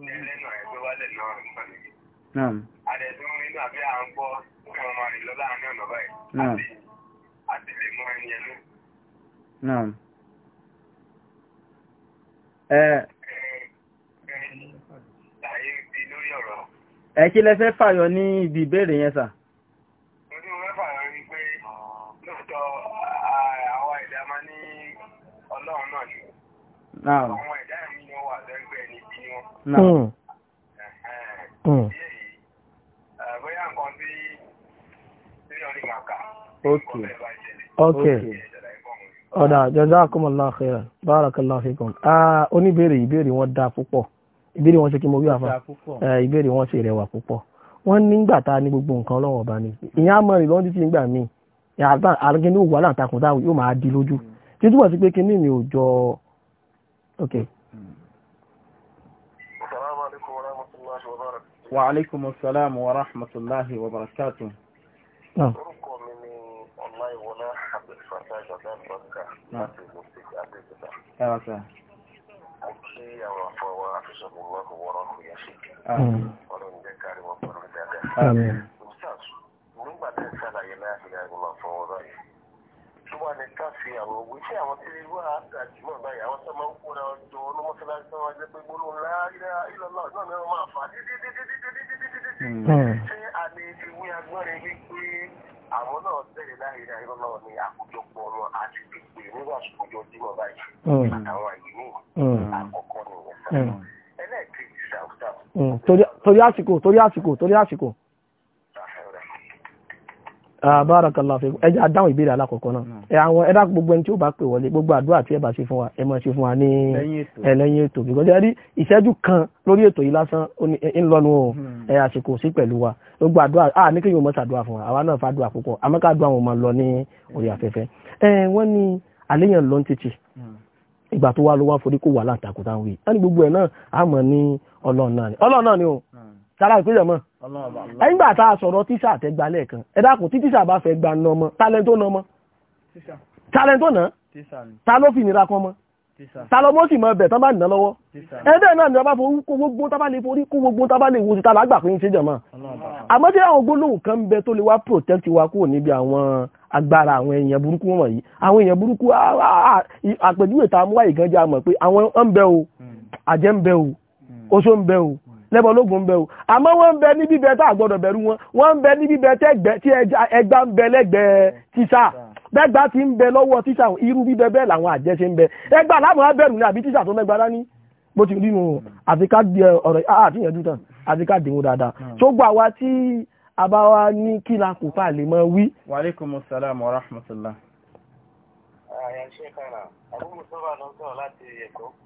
ẹlẹ́nu ẹgbẹ́ wálẹ̀ lọ ìpàdé. Adẹ̀tún nínú àbí à ń gbọ́ kí wọ́n fàyọ ní ibi ìbéèrè yẹn sà? Mo ní mo ní pé lóòótọ́ àwa ìdá ní Ọlọ́run náà ni. Àwọn Hmm. Hmm. Hmm. ok ọ̀dà jazakumullahu khairan barakallahu fikum ah, oníbèrè ìbéèrè wọn dáa púpọ̀ ìbéèrè wọn ṣe kí mo wí àfa eh, ìbéèrè wọn ṣe rẹwà púpọ̀ wọ́n nígbà tá a ní gbogbo nǹkan ọlọ́wọ́ ọba ni ìyá mọ̀ rìn lọ́dún tí ń gbà mí àrùn ní òwò aláǹtakùn táwọn yóò máa di lójú títúbọ̀ sí pé kí ní mi ò jọ ok. الله وبركاته وعليكم السلام ورحمة الله وبركاته orúkọ mi ni ọláìwọlá àbẹ̀fàtà ìjọba ìpàdé láti ìlú state abẹ́òkúta. mo kí àwọn afọwọ́ afẹ́sọ̀gbọ̀n wọn kò wọ́rọ̀ kò yẹ ṣe. ọlọ́run jẹ́ kárí wọn pẹ̀lú dáadáa. balẹ̀ ká fi àwọn òwe tí àwọn tí wà àjùmọ̀ báyìí àwọn tó máa ń kóra ọjọ́ ní tó máa jẹ́ pé gbólóhùn láàrín ìlọ́lá náà ni wọ́n máa fà ṣé a lè fi agbọ́rin wípé àwọn náà bẹ̀rẹ̀ láàrín ìlọ́lá ní àkójọpọ̀ wọn àti pípé nígbà sọ́jọ́ dímọ̀ báyìí àtàwọn àyè ní àkọ́kọ́ nìyẹn. ẹlẹ́ẹ̀kejì sàwùsàwù. torí àsìkò torí àsìkò torí àsìkò. Ah, barakallahu fikum ẹjẹ adáhùn ìbéèrè alákọ̀ọ́kọ́ náà ẹ àwọn ẹ̀dá gbogbo ẹni tí ó bá pè wọlé gbogbo àdúrà tí ẹ bá ṣe fún wa ẹ máa ṣe fún wa ní ẹlẹ́yìn ètò because ẹ rí ìṣẹ́jú kan lórí ètò yìí lásán ńlọnu o hmm. ẹ àsìkò sí pẹ̀lú wa gbogbo àdúrà à ní kéèyàn mọ́ ṣàdúrà fún wa àwa náà fàdúrà púpọ̀ àmọ́ ká dùn àwọn ọmọ lọ ní orí afẹ́fẹ́ ẹ wọ́n ní àléyàn lọ títì hmm. ìgbà tó wá ló wá forí kó o tara hmm. ìpínlẹ̀ ẹ̀yìngbà tá a sọ̀rọ̀ tíṣà tẹ́gbà lẹ́ẹ̀kan ẹ dákun tí tíṣà bá fẹ́ gba nọmọ talento nọmọ talento náà ta ló fi nira kan mọ́ ta lọ mọ́ sì mọ́ ẹbẹ̀ tán bá nìna lọ́wọ́ ẹ̀ẹ́dẹ̀ náà ni ọba forí kó gbogbo tábà lè forí kó gbogbo tábà lè wo ti tàbà gbà pé ń ṣe jọ̀mọ́ àmọ́ tí àwọn gbólóhùn kan bẹ tó lè wá protect wa kúrò níbi àwọn agbára àwọn èèyàn burúkú wọ̀nyí àwọn èèyàn burúkú àpèjúwe tá a mú wáyé gan jẹ́ àmọ̀ pé àwọn ń bẹ o hmm. àjẹ́ ń bẹ o hmm. oṣó ń bẹ o lẹ́bọ̀ ológun bẹ o àmọ́ wọ́n ń bẹ ní bíbẹ tá àgbọ̀dọ̀ bẹ̀rù wọn wọ́n ń bẹ ní bíbẹ tí ẹgbà ń bẹ lẹ́gbẹ̀ẹ́ tíṣà bẹ́gbà ti ń bẹ lọ́wọ́ tíṣà irú bíbẹ bẹ́ẹ̀ làwọn àjẹṣe ń bẹ ẹgbà láwọn abẹ́rù ni àbí tíṣà tó mẹ́gbà dání bó ti rí nu di eh, ọ̀rọ̀ ah, àtìyànjú tán àfi dìbò dáadáa tó hmm. gbà wá tí àbáwá ní kí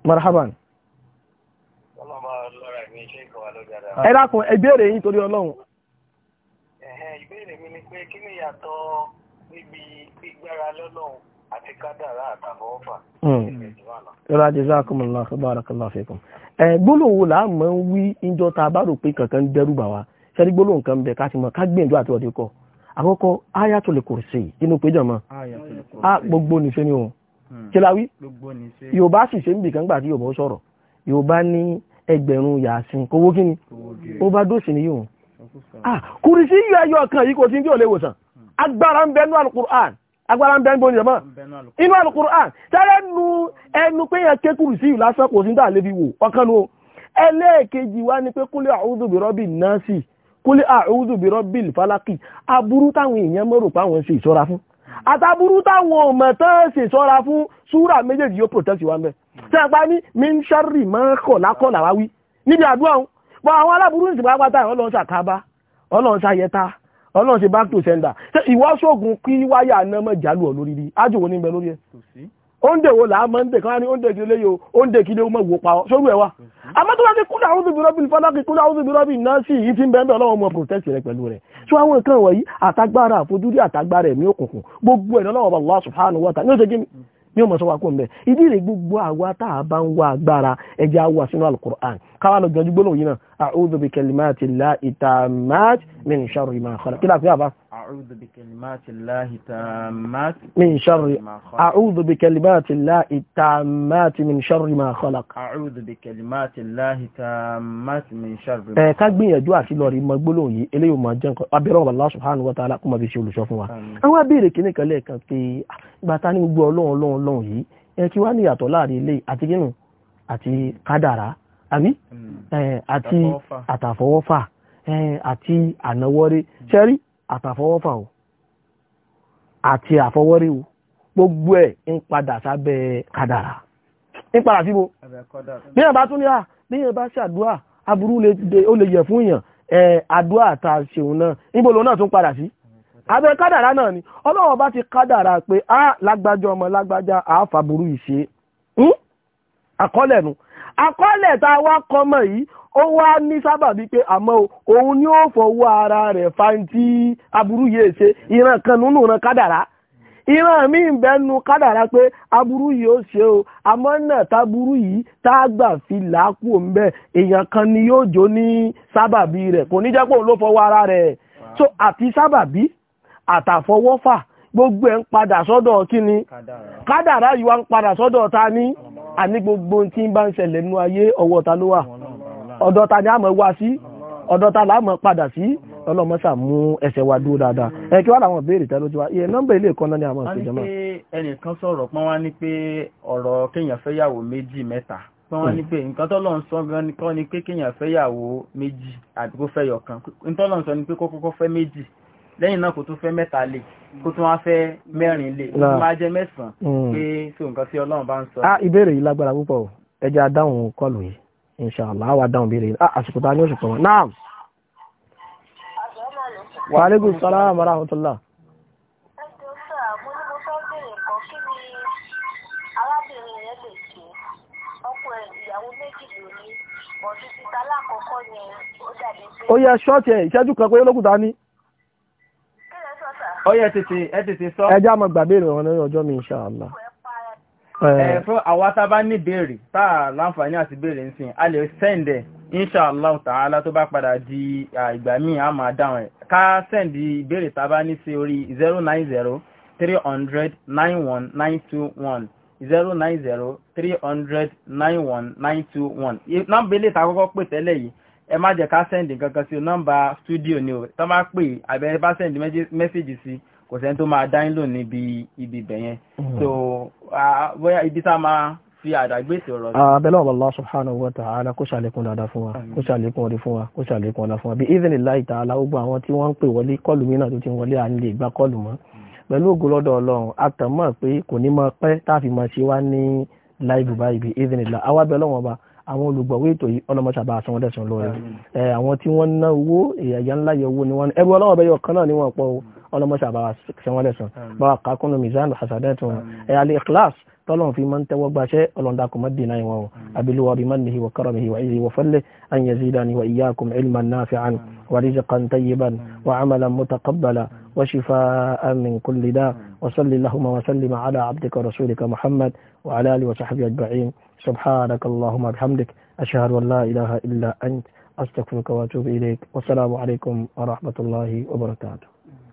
marhaban ẹ dákun ìbéèrè yín torí ọlọ́run. ìbéèrè mi ni pé kí ni ìyàtọ̀ níbi gbígbára lọ́lọ́run àti kádàrá àtàfọwọ́fà. yọrọ hmm. jazakumullah barakallahu fikum. gbólóhùn là máa ń wí ìjọ tá a bá rò pé kankan dẹ́rù bà wá ṣẹ́rí gbólóhùn kan bẹ̀ ká ti mọ̀ ká gbìyànjú àti ọ̀dẹ́ kọ́ àkọ́kọ́ ayatul kursi inú péjọ mọ́ a gbogbo nìṣẹ́ ni òun hmm. kí la wí yorùbá sì ṣe ń bì kan gbà tí yorùbá ó sọ̀rọ̀ yorùbá ní ẹgbẹ̀rún yàásìn kówó kí ni overdose ni yóò ah, kùrì sí yíò ayọ́ kan yìí kò sí tí ò lè wòsàn hmm. agbára ń bẹnu alukur'an agbára ń bẹnu bóni jẹmọ́ inú alukur'an tẹ́lẹ̀ nu ẹnu pé yẹn ké sí yìí lásán kò sí tí lè fi wò ọkàn nu ẹlẹ́ẹ̀kejì wá ni pé kúlẹ̀ àwùjọ bìrọ́bì nọ́ọ̀sì kúlẹ̀ àwùjọ bìrọ́bì fálákì aburú táwọn èèyàn mọ́rò pa àwọn ṣe ìṣọ́ra fún àtàbúrú táwọn ọmọ tán ṣe ìṣọ́ra fún súrà méjèèjì yóò protect wa mẹ́rin tí a bá ní míńsárì máa kọ̀lá kọ̀lá wá wí níbi àdúrà ń bọ àwọn aláburú ní ìsìnkú apáta ọlọ́run ṣàkábá ọlọ́run ṣàyẹta ọlọ́run ṣe back to sender ṣe ìwọ́ṣọ́gun kí wáyà náà mọ̀ jálù ọ lórí rí ájòwò ní ibẹ̀ lórí ẹ̀ oúnjẹ wo làá máa ń dẹ̀ kan ní oúnjẹ kí léyò oúnjẹ kí léyò mọ̀ wò pa sórí ẹ̀ wa àmọ́ tó bá ti kúlẹ̀ àwọn òbí rọ́bì fọlọ́kì kúlẹ̀ àwọn òbí rọ́bì náà sì yìí ti ń bẹ́ẹ̀ ọlọ́wọ́ mọ̀ protest rẹ pẹ̀lú rẹ̀ so àwọn nǹkan wọ̀nyí àtagbára àfojúrí àtagbára ẹ̀mí òkùnkùn gbogbo ẹ̀ lọ́wọ́ Allah subhanahu wa ta ní ó ṣe kí ni mm ní ọmọ sọ́wọ́ akó ń bẹ̀ ìdí rẹ̀ gbogbo àwa tá a bá ń wá agbára ẹja wà sínú alukur'an káwá lọ gbọ́njú gbólóhùn yìí náà a'udhu bi kalimati llahi tammati min sharri kí láti àbá أعوذ بكلمات الله التامات من شر ما خلق أعوذ بكلمات الله التامات من شر ما خلق أعوذ بكلمات الله التامات من شر ما خلق ká gbìyànjú àti lọ rí mọ́gbólóhùn yìí eléyìí máa jẹ́ nǹkan abẹ́rẹ́ Allah subhanahu wa ta'ala kó máa fi ṣe olùṣọ́ fún wa. àwọn abéèrè kìíní kan lẹ́ẹ̀kan pé ìgbà ta ní gbogbo ọlọ́run ọlọ́run ọlọ́run yìí ẹ kí wá ní ìyàtọ̀ láàrin ilé àti kínú àti kádàrá àbí àti àtàfọwọ́fà àti ànáwọ́rẹ́ ṣẹ́rí àtàfọwọ́fà o àti àfọwọ́rí o gbogbo ẹ̀ ń padà sábẹ́ kádàrà ń padà síbo bí ẹ̀ bá tún ní à bí ẹ̀ bá ṣe àdúrà aburú ó lè yẹ̀ fún èèyàn ẹ̀ àdúrà àta ṣeun náà níbo lòun náà tún padà sí abẹ́ kádàrà náà ni ọlọ́wọ́ bá ti kádàrà pé á lágbájá ọmọ lágbájá àáfà burú ìṣe hm? àkọọ́lẹ̀ nu àkọọ́lẹ̀ tá a wá kọ́mọ̀ yìí ó wá ní sábàbí pé àmọ́ òun ni ó fọwọ́ ara rẹ̀ fáńtì aburú yìí ṣe ìran kan nínú ìran kádàrá ìran mi ń bẹnu kádàrá pé aburú yìí ó ṣe o àmọ́ náà taburú yìí tá a gbà fi làákù ń bẹ èèyàn kan ni yóò jó ní sábàbí rẹ̀ kò ní jẹ́ pé òun ló fọwọ́ ara rẹ̀ so àti sábàbí àtàfọwọ́fà gbogbo ẹ̀ ń padà sọ́dọ̀ kí ni kádàrá yìí wá ń padà sọ́dọ̀ ta ní àní gbogbo tí ń bá ń ṣẹlẹ̀ nú ayé ọwọ́ ta ló wà ọ̀dọ̀ ta ni a mọ̀ wá sí ọ̀dọ̀ ta la mọ̀ padà sí ọlọ́mọ́sà mú ẹsẹ̀ wa dúró dáadáa ẹ wá làwọn béèrè tẹ́lú iye nọ́mbà ilé ìkọ́ná ni àwọn ìṣèjọ́ máa. ẹnìkan sọ̀rọ̀ pọ́n wá ní pé ọ̀rọ̀ kéèyàn fẹ́ yàwó méjì mẹ́ta pọ́n wá ní pé nǹkan tọ́lọ̀ ń sọ gan kọ́ ni pé kéèyàn fẹ́ yàwó méjì àti kó fẹ́ yọ̀kan ntọ́lọ̀ ń sọ ni pé kó kọ́kọ́ fẹ́ méjì lẹ́yìn náà kó tún fẹ́ mẹ́ta lè kó tún wá fẹ́ mẹ́rin lè kó máa jẹ́ mẹ́sàn-án hmm. pé tí nǹkan tí Ọlọ́run bá ń sọ. Ah, ìbéèrè yìí lágbára púpọ̀ ẹja dáhùn kọlù yìí inshallah wa dáhùn béèrè ah àsìkò tá ní oṣù kan náà wa alaikum salaam wa rahmatullah ó yẹ ṣọ́ọ̀tì ẹ̀ ìṣẹ́jú kan pé lókùtà ní ó yẹ tètè ẹ tètè sọ ẹjá mọ̀ gbàgbé ìrìnwọ̀n lórí ọjọ́ mi inshallah fún eh. eh, àwọn tábá ní béèrè táà láǹfààní àti béèrè ń sìn a lè sẹ́ndẹ̀ inṣàlá ta'ala tó bá padà di ìgbà míì a máa dáhùn ẹ̀ ká sẹ́ndì béèrè tábá ní sí orí 090 300 91921 090 300 91921 nọ́mbà ilé ìtàkọ́kọ́ pè tẹ́lẹ̀ yìí ẹ má jẹ́ ká sẹ́ndì kankan sí nọ́mbà stúdíò ni o tán bá pè àbẹ́ bá sẹ́ndì mẹ́sẹ̀jì sí 090 kò sẹ́ni tó máa dá yín níbi ibi ibẹ̀ yẹn hmm. so bóyá ibi tá a máa fi àdàgbèsè ọ̀rọ̀ sí. abẹ́lẹ́ ọ̀bọ̀ Allah subhanahu wa ta'ala kó ṣàlékún dáadáa fún wa kó ṣàlékún orí fún wa kó ṣàlékún ọ̀la fún wa bí iznillahi ta'ala ó gbọ́ àwọn tí wọ́n ń pè wọlé kọ́ọ̀lù mi náà tó ti wọlé à ń lè gbá kọ́ọ̀lù mọ́ hmm. pẹ̀lú ògùn lọ́dọ̀ ọlọ́run àtàmọ́ pé kò ní máa pẹ́ táàfin máa ṣe wá ní láìbù báyìí bí iznillahi àwa bẹ́ẹ̀ lọ́wọ́n ọba àwọn olùgbọ̀wé ètò yìí ọlọ́mọṣàbà àsanwó dẹ̀sán lọ́rẹ́ àwọn tí wọ́n ná owó ìyàyà ńlá yẹ owó ni wọ́n ẹrú ọlọ́wọ́ bẹ́ẹ̀ yọ kan náà ni wọ́n pọ̀ ولا مش ميزان وحسادات يعني الإخلاص طالما في من توقع شيء الله داكم الدين أيوة أبلوا بمنه وكرمه وعزه وفله أن يزيدني وإياكم علما نافعا ورزقا طيبا وعملا متقبلا وشفاء من كل داء وصل اللهم وسلم على عبدك ورسولك محمد وعلى آله وصحبه أجمعين سبحانك اللهم بحمدك أشهد أن لا إله إلا أنت أستغفرك وأتوب إليك والسلام عليكم ورحمة الله وبركاته